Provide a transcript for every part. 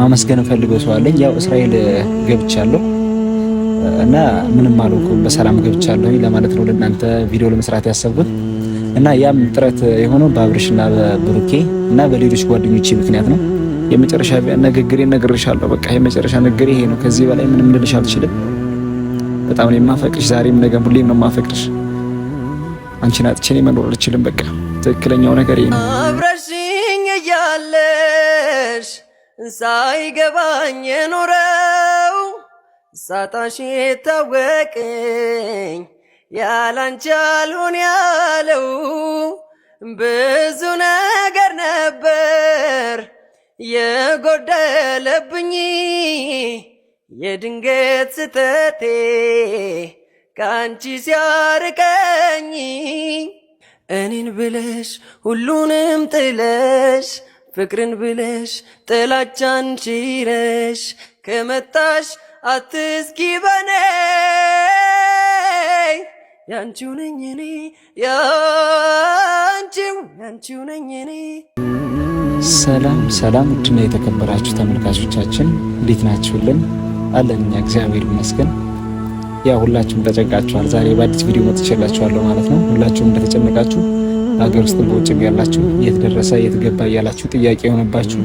ማመስገን ፈልገው ሰው አለኝ። ያው እስራኤል ገብቻለሁ እና ምንም አልሆንኩም በሰላም ገብቻለሁ ለማለት ነው ለእናንተ ቪዲዮ ለመስራት ያሰብኩት እና ያም ጥረት የሆነው በአብርሽና በብሩኬ እና በሌሎች ጓደኞቼ ምክንያት ነው። የመጨረሻ ንግግሬ እነግርሻለሁ። በቃ የመጨረሻ ንግግሬ ይሄ ነው። ከዚህ በላይ ምንም ልልሽ አልችልም። በጣም ነው የማፈቅርሽ። ዛሬም፣ ነገም፣ ሁሌም ነው የማፈቅርሽ። አንቺን አጥቼ እኔ መኖር አልችልም። በቃ ትክክለኛው ነገር ይሄ ነው። አብረሽኝ እያለሽ ሳይገባኝ የኖረው ሳጣሽ የታወቀኝ ያላንቺ ያለው ብዙ ነገር ነበር የጎደለብኝ የድንገት ስተቴ ከአንቺ ሲያርቀኝ እኔን ብለሽ ሁሉንም ጥለሽ ፍቅርን ብለሽ ጥላቻን ችለሽ ከመጣሽ አትስጊ በኔ ያንቺው ነኝ እኔ ያንቺው ያንቺው ነኝ እኔ። ሰላም ሰላም፣ ውድና የተከበራችሁ ተመልካቾቻችን እንዴት ናችሁልን? አለን እኛ እግዚአብሔር ይመስገን። ያ ሁላችሁም ተጨንቃችኋል። ዛሬ በአዲስ ቪዲዮ መጥቼላችኋለሁ ማለት ነው። ሁላችሁም እንደተጨነቃችሁ ሀገር ውስጥ በውጭም ያላችሁ እየተደረሰ እየተገባ የት ገባ እያላችሁ ጥያቄ የሆነባችሁ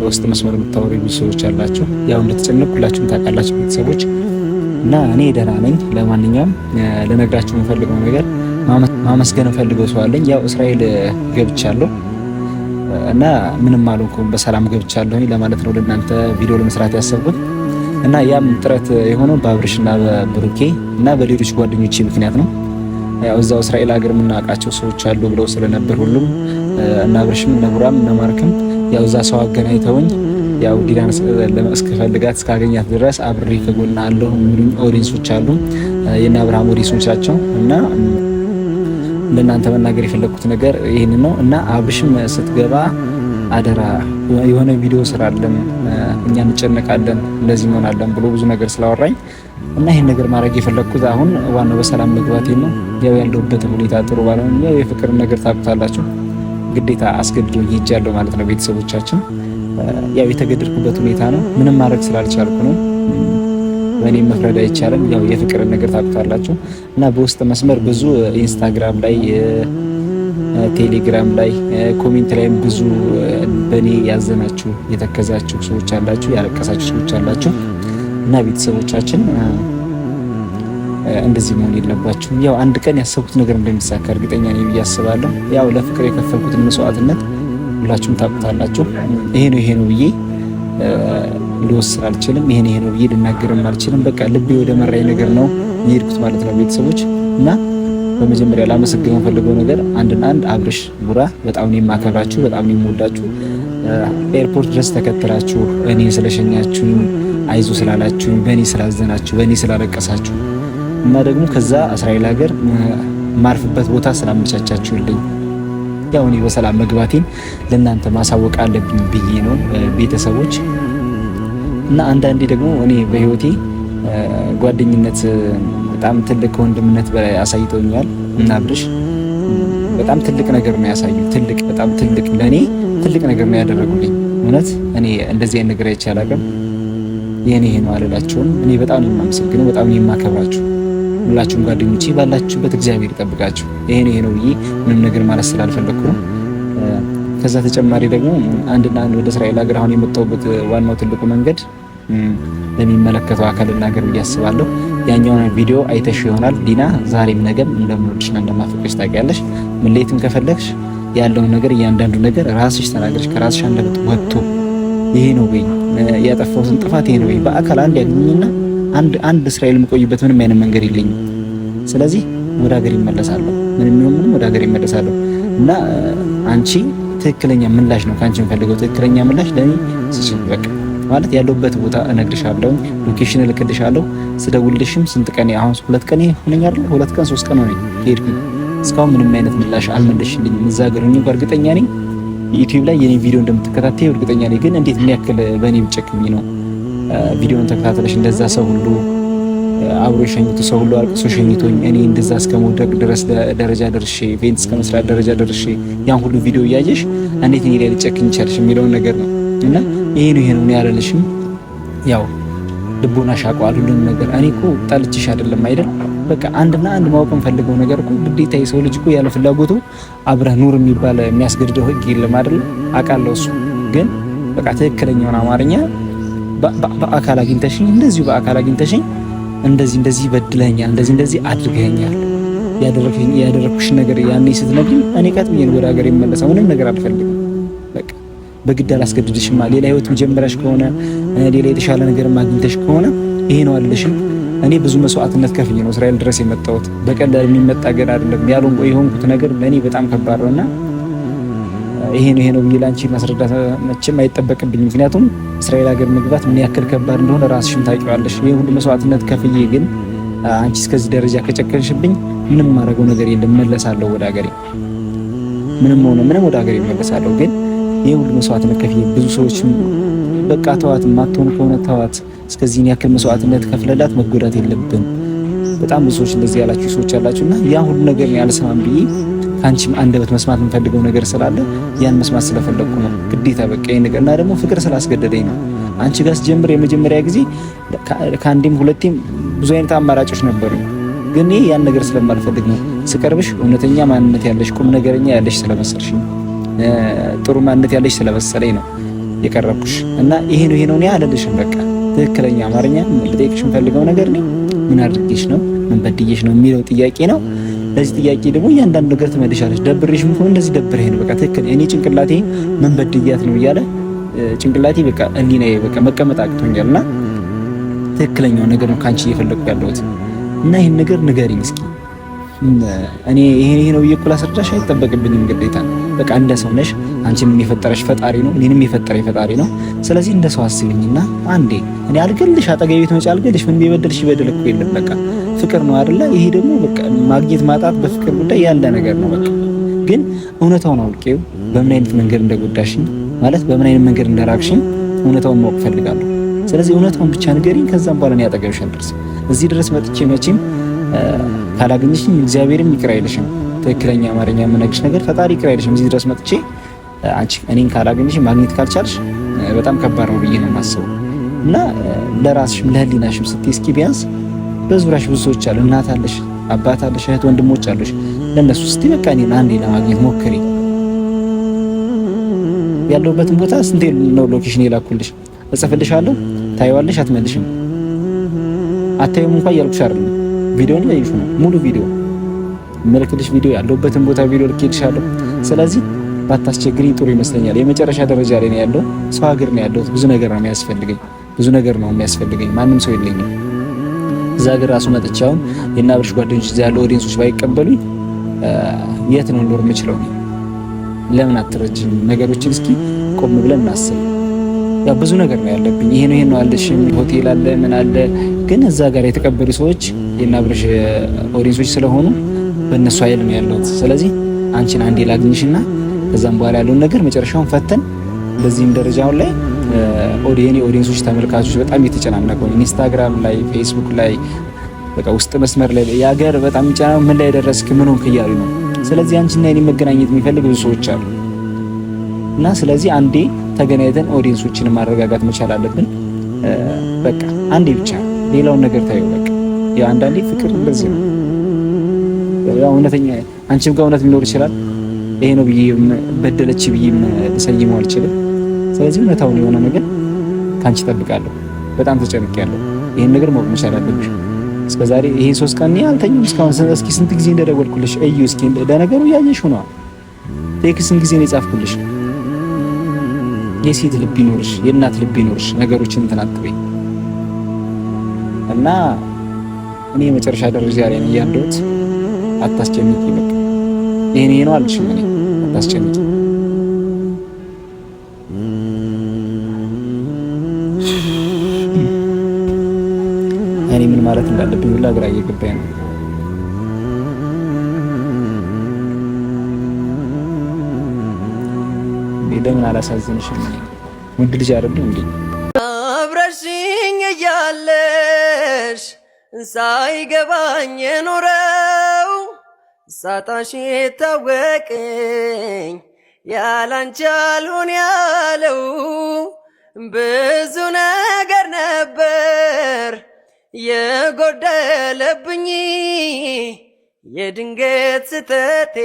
በውስጥ መስመር የምታወሩ ሰዎች አላችሁ። ያው እንደተጨነቅ ሁላችሁም ታውቃላችሁ ቤተሰቦች እና እኔ ደህና ነኝ። ለማንኛውም ልነግራችሁ የምፈልገው ነገር ማመስገን እፈልገው ሰው አለኝ። ያው እስራኤል ገብቻለሁ እና ምንም አልሆንኩም በሰላም ገብቻለሁ ለማለት ነው ለእናንተ ቪዲዮ ለመስራት ያሰብኩት እና ያም ጥረት የሆነው በአብርሽና በብሩኬ እና በሌሎች ጓደኞቼ ምክንያት ነው። ያው እዛው እስራኤል ሀገር የምናውቃቸው ሰዎች አሉ ብለው ስለነበር ሁሉም እና ብርሽም እነ ቡራም እነ ማርክም ያው እዛ ሰው አገናኝተውኝ ያው ዲዳን እስክፈልጋት እስካገኛት ድረስ አብሬ ከጎና አለሁ የሚሉኝ ኦዲንሶች አሉ። የእነ አብርሃም ኦዲንሶች ናቸው እና ለእናንተ መናገር የፈለግኩት ነገር ይህን ነው እና አብሽም ስትገባ አደራ የሆነ ቪዲዮ ስራለን፣ እኛ እንጨነቃለን፣ እንደዚህ እንሆናለን ብሎ ብዙ ነገር ስላወራኝ እና ይህን ነገር ማድረግ የፈለግኩት አሁን ዋናው በሰላም መግባቴ ነው። ያው ያለሁበትም ሁኔታ ጥሩ ባለሆነ ያው የፍቅር ነገር ታቁታላችሁ፣ ግዴታ አስገድዶ ይጃለሁ ማለት ነው። ቤተሰቦቻችን ያው የተገደድኩበት ሁኔታ ነው። ምንም ማድረግ ስላልቻልኩ ነው። በእኔ መፍረድ አይቻልም። ያው የፍቅር ነገር ታቁታላችሁ እና በውስጥ መስመር ብዙ ኢንስታግራም ላይ ቴሌግራም ላይ ኮሜንት ላይም ብዙ በእኔ ያዘናችሁ የተከዛችሁ ሰዎች አላችሁ፣ ያለቀሳችሁ ሰዎች አላችሁ። እና ቤተሰቦቻችን እንደዚህ መሆን የለባችሁም። ያው አንድ ቀን ያሰብኩት ነገር እንደሚሳካ እርግጠኛ ነኝ ብዬ አስባለሁ። ያው ለፍቅር የከፈልኩትን መስዋዕትነት ሁላችሁም ታውቁታላችሁ። ይሄ ነው ይሄ ነው ብዬ ልወስን አልችልም። ይሄን ይሄ ነው ብዬ ልናገርም አልችልም። በቃ ልቤ ወደ መራኝ ነገር ነው የሄድኩት ማለት ነው ቤተሰቦች እና በመጀመሪያ ላመሰግን የምፈልገው ነገር አንድና አንድ አብርሽ ቡራ፣ በጣም ነው የማከብራችሁ፣ በጣም ነው የምወዳችሁ። ኤርፖርት ድረስ ተከትላችሁ እኔ ስለሸኛችሁ አይዞ ስላላችሁ በእኔ ስላዘናችሁ በእኔ ስላለቀሳችሁ እና ደግሞ ከዛ እስራኤል ሀገር ማርፍበት ቦታ ስላመቻቻችሁልኝ ያው እኔ በሰላም መግባቴን ለእናንተ ማሳወቅ አለብኝ ብዬ ነው ቤተሰቦች። እና አንዳንዴ ደግሞ እኔ በህይወቴ ጓደኝነት በጣም ትልቅ ከወንድምነት በላይ አሳይተውኛል እና በጣም ትልቅ ነገር ነው ያሳዩ። ትልቅ በጣም ትልቅ ለእኔ ትልቅ ነገር ነው ያደረጉልኝ። እውነት እኔ እንደዚህ አይነት ነገር አይቼ አላውቅም። የኔ ይሄ ነው አልላቸውም። እኔ በጣም ነው የማመሰግነው፣ በጣም ነው የማከብራችሁ። ሁላችሁም ጓደኞቼ ባላችሁበት እግዚአብሔር ይጠብቃችሁ። ይሄ ነው ይሄ ነው ብዬ ምንም ነገር ማለት ስላልፈለኩ ነው። ከዛ ተጨማሪ ደግሞ አንድና አንድ ወደ እስራኤል ሀገር አሁን የመጣሁበት ዋናው ትልቁ መንገድ ለሚመለከተው አካል ልናገር ብዬ አስባለሁ። ያኛውን ቪዲዮ አይተሽ ይሆናል ዲና፣ ዛሬም ነገም እንደምወድሽና እንደማፈቅሽ ታውቂያለሽ። ምን ሌትም ከፈለግሽ ያለውን ነገር እያንዳንዱ ነገር ራስሽ ተናገርሽ፣ ከራስሽ አንደበት ወጥቶ ይሄ ነው ወይ ያጠፋሁትን ጥፋት ይሄ ነው ወይ በአካል አንድ ያገኘኝና አንድ አንድ እስራኤል የምቆይበት ምንም አይነት መንገድ የለኝም። ስለዚህ ወደ ሀገር ይመለሳለሁ፣ ምንም ይሁን ምንም ወደ ሀገር ይመለሳለሁ እና አንቺ ትክክለኛ ምላሽ ነው ከአንቺ የምፈልገው ትክክለኛ ምላሽ ለኔ ስጭኝ። በቃ ማለት ያለሁበት ቦታ እነግርሻለሁ፣ ሎኬሽን እልክልሻለሁ። ስደውልሽም ስንት ቀን አሁን ሁለት ቀን ሆነኛል፣ ሁለት ቀን ሶስት ቀን ሆነኝ ሄድኩኝ እስካሁን ምንም አይነት ምላሽ አልመለሽልኝም። እዛ ሀገር ሆኜ እርግጠኛ ነኝ ዩቲዩብ ላይ የኔ ቪዲዮ እንደምትከታተይ እርግጠኛ ነኝ። ግን እንዴት ምን ያክል በእኔ ብጨክኝ ነው ቪዲዮን ተከታተለሽ እንደዛ ሰው ሁሉ አብሮ የሸኝቱ ሰው ሁሉ አልቅሶ ሸኝቶኝ እኔ እንደዛ እስከ መውደቅ ድረስ ደረጃ ደርሼ ኢቬንት እስከ መስራት ደረጃ ደርሼ ያን ሁሉ ቪዲዮ እያየሽ እንዴት እኔ ላይ ልጨክኝ ቻልሽ የሚለውን ነገር ነው እና ይሄ ነው ይሄ ነው ያለልሽም ያው ልቦናሽ አውቀዋል ሁሉንም ነገር። እኔ እኮ ጠልቼሽ አይደለም አይደል በቃ አንድና አንድ ማወቅ ፈልገው ነገር እኮ ግዴታ የሰው ልጅ እኮ ያለ ፍላጎቱ አብረህ ኑር የሚባል የሚያስገድደው ህግ የለም አይደል? አውቃለሁ። እሱ ግን በቃ ትክክለኛውን አማርኛ በአካል አግኝተሽኝ እንደዚሁ በአካል አግኝተሽኝ እንደዚህ እንደዚህ በድለኛል፣ እንደዚህ እንደዚህ አድርገኛል ያደረኩሽ ነገር ያኔ ስትነግሪኝ እኔ ቀጥሜን ወደ ሀገር የመለሰው ምንም ነገር አልፈልግም። በቃ በግድ አላስገድድሽማ። ሌላ ህይወት መጀመሪያሽ ከሆነ ሌላ የተሻለ ነገር ማግኝተሽ ከሆነ ይሄ ነው አለሽም እኔ ብዙ መስዋዕትነት ከፍዬ ነው እስራኤል ድረስ የመጣሁት። በቀላል የሚመጣ ገና አይደለም። ያሉን የሆንኩት ነገር ለእኔ በጣም ከባድ ነው እና ይሄ ነው ይሄ ነው ብዬ ላንቺ ማስረዳት መቼም አይጠበቅብኝ። ምክንያቱም እስራኤል ሀገር መግባት ምን ያክል ከባድ እንደሆነ ራስሽም ታውቂዋለሽ። ይህ ሁሉ መስዋዕትነት ከፍዬ ግን አንቺ እስከዚህ ደረጃ ከጨከንሽብኝ ምንም ማድረገው ነገር የለም። መለሳለሁ ወደ ሀገሬ፣ ምንም ሆነ ምንም ወደ ሀገሬ መለሳለሁ። ግን ይህ ሁሉ መስዋዕትነት ከፍዬ ብዙ ሰዎችም በቃ ተዋት፣ ማትሆን ከሆነ ተዋት እስከዚህን ያክል መስዋዕትነት ከፍለላት መጎዳት የለብን። በጣም ብዙ ሰዎች እንደዚህ ያላችሁ ሰዎች ያላችሁ እና ያ ሁሉ ነገር ያልሰማም ብዬ ከአንቺም አንደበት መስማት የምፈልገው ነገር ስላለ ያን መስማት ስለፈለግኩ ነው። ግዴታ በቃ ይሄ ነገር እና ደግሞ ፍቅር ስላስገደደኝ ነው። አንቺ ጋር ስጀምር የመጀመሪያ ጊዜ ከአንዴም ሁለቴም ብዙ አይነት አማራጮች ነበሩ፣ ግን ይህ ያን ነገር ስለማልፈልግ ነው። ስቀርብሽ እውነተኛ ማንነት ያለሽ ቁም ነገረኛ ያለሽ ስለመሰልሽ ጥሩ ማንነት ያለሽ ስለመሰለኝ ነው የቀረብኩሽ እና ይሄ ነው ይሄ ነው እኔ አለልሽም በቃ ትክክለኛ አማርኛ ልጠይቅሽ የምፈልገው ነገር ነው ምን አድርጌሽ ነው ምን በድዬሽ ነው የሚለው ጥያቄ ነው። ለዚህ ጥያቄ ደግሞ እያንዳንዱ ነገር ትመልሻለች። ደብሬሽ ምን ሆነ እንደዚህ ደብሬ ነው በቃ ትክክል እኔ ጭንቅላቴ ምን በድያት ነው እያለ ጭንቅላቴ በቃ እኔ ነኝ በቃ መቀመጥ አቅቶኛልና ትክክለኛው ነገር ነው ካንቺ እየፈለኩ ያለሁት እና ይህን ነገር ንገሪኝ እስኪ እኔ ይሄ ነው ብዬሽ እኮ ላስረዳሽ አይጠበቅብኝም ግዴታ በቃ እንደ ሰው ነሽ አንቺም የሚፈጠረሽ ፈጣሪ ነው፣ እኔንም የፈጠረ ፈጣሪ ነው። ስለዚህ እንደ ሰው አስብኝና አንዴ እኔ አልገልሽ፣ አጠገቤ ትመጪ አልገልሽ። ምን ቢበደልሽ ይበደል እኮ የለም በቃ ፍቅር ነው አይደለ? ይሄ ደግሞ በቃ ማግኘት ማጣት በፍቅር ጉዳይ ያለ ነገር ነው። በቃ ግን እውነታውን አውቄው በምን አይነት መንገድ እንደጎዳሽኝ ማለት በምን አይነት መንገድ እንደራቅሽኝ እውነታውን ማወቅ ፈልጋለሁ። ስለዚህ እውነታውን ብቻ ንገሪኝ፣ ከዛም በኋላ እኔ አጠገብሽ አልደርስም። እዚህ ድረስ መጥቼ መቼም ካላገኘሽኝ እግዚአብሔርም ይቅር አይልሽም። ትክክለኛ አማርኛ የምነግርሽ ነገር ፈጣሪ ይቅር አይልሽም። እዚህ ድረስ መጥቼ አንቺ እኔን ካላገኝሽ ማግኘት ካልቻልሽ በጣም ከባድ ነው ብዬ ነው የማስበው። እና ለራስሽም ለህሊናሽም ስትይ እስኪ ቢያንስ በዙሪያሽ ብዙ ሰዎች አሉ፣ እናት አለሽ፣ አባት አለሽ፣ እህት ወንድሞች አሉሽ። ለእነሱ ስትይ በቃ እኔን አንዴ ለማግኘት ሞክሪ። ያለሁበትን ቦታ ስንቴ ነው ሎኬሽን የላኩልሽ? እጽፍልሻለሁ፣ ታይዋለሽ፣ አትመልሽም። አታዩም እንኳን እያልኩሽ አይደለም፣ ቪዲዮን ላይ ይሹ ነው። ሙሉ ቪዲዮ ምልክልሽ ቪዲዮ ያለሁበትን ቦታ ቪዲዮ ልኬልሻለሁ። ስለዚህ ባታስቸግሪኝ ጥሩ ይመስለኛል። የመጨረሻ ደረጃ ላይ ነው ያለው። ሰው ሀገር ነው ያለሁት። ብዙ ነገር ነው የሚያስፈልገኝ፣ ብዙ ነገር ነው የሚያስፈልገኝ። ማንም ሰው የለኝም። እዛ ሀገር ራሱ መጥቼ አሁን የናብርሽ ጓደኞች እዚያ ያለው ኦዲየንሶች ባይቀበሉኝ የት ነው ኖር የምችለው? ለምን አትረጅም? ነገሮችን እስኪ ቆም ብለን እናስብ። ያ ብዙ ነገር ነው ያለብኝ። ይሄ ነው ይሄ ነው አለሽ፣ ሆቴል አለ ምን አለ። ግን እዛ ጋር የተቀበሉ ሰዎች የናብርሽ ኦዲየንሶች ስለሆኑ በእነሱ አይል ነው ያለሁት። ስለዚህ አንቺን አንዴ ላግኝሽና ከዛም በኋላ ያለውን ነገር መጨረሻውን ፈተን በዚህም ደረጃ ላይ ኦዲየን ኦዲየንሶች ተመልካቾች በጣም የተጨናነቀ ኢንስታግራም ላይ ፌስቡክ ላይ በቃ ውስጥ መስመር ላይ የሀገር በጣም የሚጨናነው ምን ላይ ደረስክ ምን ሆንክ እያሉ ነው። ስለዚህ አንቺና እኔ መገናኘት የሚፈልግ ብዙ ሰዎች አሉ እና ስለዚህ አንዴ ተገናኝተን ኦዲየንሶችን ማረጋጋት መቻል አለብን። በቃ አንዴ ብቻ ሌላውን ነገር ታየው። በቃ አንዳንዴ ፍቅር እንደዚህ ነው። እውነተኛ አንቺም ጋር እውነት ሊኖር ይችላል ይሄ ነው ብዬ በደለች ብዬ ልሰይመው አልችልም። ስለዚህ እውነታውን የሆነ ነገር ካንቺ እጠብቃለሁ። በጣም ተጨንቄያለሁ። ይሄን ነገር ማወቅ መቻል አለብሽ። እስከዛሬ ይሄን ሶስት ቀን እኔ እስካሁን እስኪ ስንት ጊዜ እንደደወልኩልሽ እዩ። እስኪ ለነገሩ እያየሽ ሆኗ ቴክስትን ጊዜ ነው የጻፍኩልሽ። የሴት ልብ ይኖርሽ፣ የእናት ልብ ይኖርሽ። ነገሮችን እንትን አትበይ እና እኔ የመጨረሻ ደረጃ ላይ ነው ያለሁት። አታስጨንቂ በቃ የኔ ነው አልሽኝ። እኔ አታስጨንቂ። እኔ ምን ማለት እንዳለብኝ ሁላ ግራ እየገባኝ ነው። ለምን አላሳዝንሽም? ወንድ ልጅ አይደለም እንዴ? አብረሽኝ እያለሽ ሳይገባኝ ኖረ ሳጣሽ ታወቀኝ ያላንቻሉን ያለው ብዙ ነገር ነበር የጎደለብኝ የድንገት ስተቴ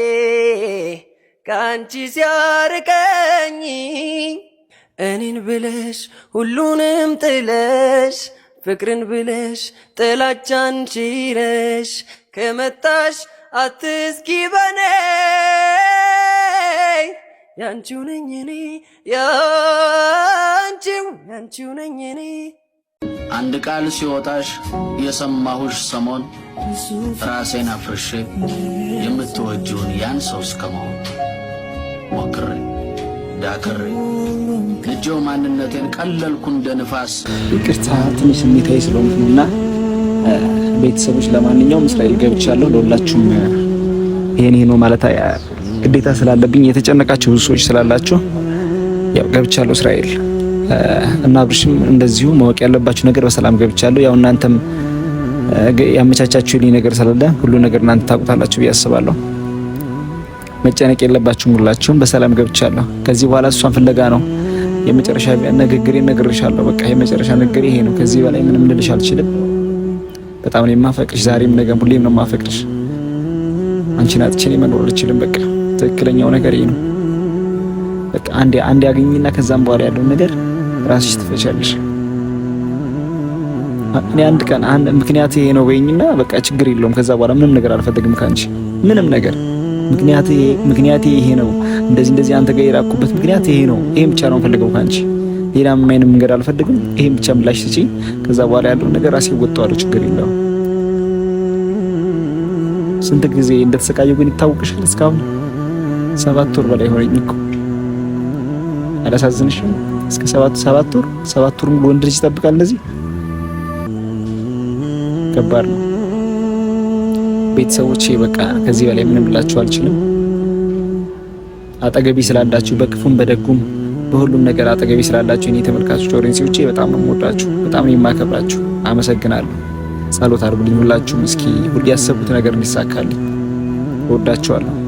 ከአንቺ ሲያርቀኝ እኔን ብለሽ ሁሉንም ጥለሽ ፍቅርን ብለሽ ጥላቻን ችለሽ ከመጣሽ አትስጊ በኔ ያንቺው ነኝ እኔ ያንቺው ያንቺው ነኝ እኔ አንድ ቃል ሲወጣሽ የሰማሁሽ ሰሞን ራሴን አፍርሼ የምትወጂውን ያን ሰው እስከመሆን ሞክሬ ዳክሬ ልጄው ማንነቴን ቀለልኩ እንደ ንፋስ። ይቅርታ ትንሽ ስሜታዊ ስለሆንኩ ቤተሰቦች፣ ለማንኛውም እስራኤል ገብቻለሁ። ለሁላችሁም ይሄን ይሄ ነው ማለት ግዴታ ስላለብኝ የተጨነቃችሁ ሰዎች ስላላችሁ ያው ገብቻለሁ እስራኤል እና አብርሽም እንደዚሁ ማወቅ ያለባችሁ ነገር በሰላም ገብቻለሁ። ያው እናንተም ያመቻቻችሁልኝ ነገር ስላለ ሁሉ ነገር እናንተ ታውቁታላችሁ ብዬ አስባለሁ። መጨነቅ የለባችሁም። ሁላችሁም በሰላም ገብቻለሁ። ከዚህ በኋላ እሷን ፍለጋ ነው የመጨረሻ ንግግሬ። እነግርሻለሁ። በቃ የመጨረሻ ንግግሬ ይሄ ነው። ከዚህ በላይ ምንም ልልሽ አልችልም። በጣም ነው የማፈቅሽ። ዛሬም ነገም ሁሌም ነው የማፈቅሽ። አንቺን አጥቼ እኔ መኖር አልችልም። በቃ ትክክለኛው ነገር ይሄ ነው። በቃ አንዴ አንዴ አገኝና ከዛም በኋላ ያለውን ነገር ራስሽ ትፈቻለሽ። እኔ አንድ ቀን አንድ ምክንያት ይሄ ነው በይኝና በቃ ችግር የለውም። ከዛ በኋላ ምንም ነገር አልፈልግም ካንቺ ምንም ነገር። ምክንያት ይሄ ነው እንደዚህ እንደዚህ አንተ ጋር የራኩበት ምክንያት ይሄ ነው። ይሄም ብቻ ነው ፈልገው ካንቺ ሌላ ምንም መንገድ አልፈልግም። ይሄን ብቻ ምላሽ ስጪኝ። ከዛ በኋላ ያለው ነገር ራሴ ወጣው፣ ችግር የለው ስንት ጊዜ እንደተሰቃየው ግን ይታወቅሻል። እስካሁን ሰባት ወር በላይ ሆነኝ እኮ አላሳዝንሽም? እስከ ሰባት ሰባት ወር ሰባት ወር ሙሉ ወንድ ልጅ ይጠብቃል። እንደዚህ ከባድ ነው። ቤተሰቦቼ በቃ ከዚህ በላይ ምንም ብላችሁ አልችልም። አጠገቢ ስላላችሁ በክፉም በደጉም በሁሉም ነገር አጠገቤ ስላላችሁ እኔ ተመልካቾች ኦዲየንሶቼ በጣም ነው የምወዳችሁ፣ በጣም ነው የማከብራችሁ። አመሰግናለሁ። ጸሎት አድርጉልኝ ሁላችሁም። እስኪ ሁሉ ያሰቡት ነገር እንዲሳካልኝ። እወዳችኋለሁ።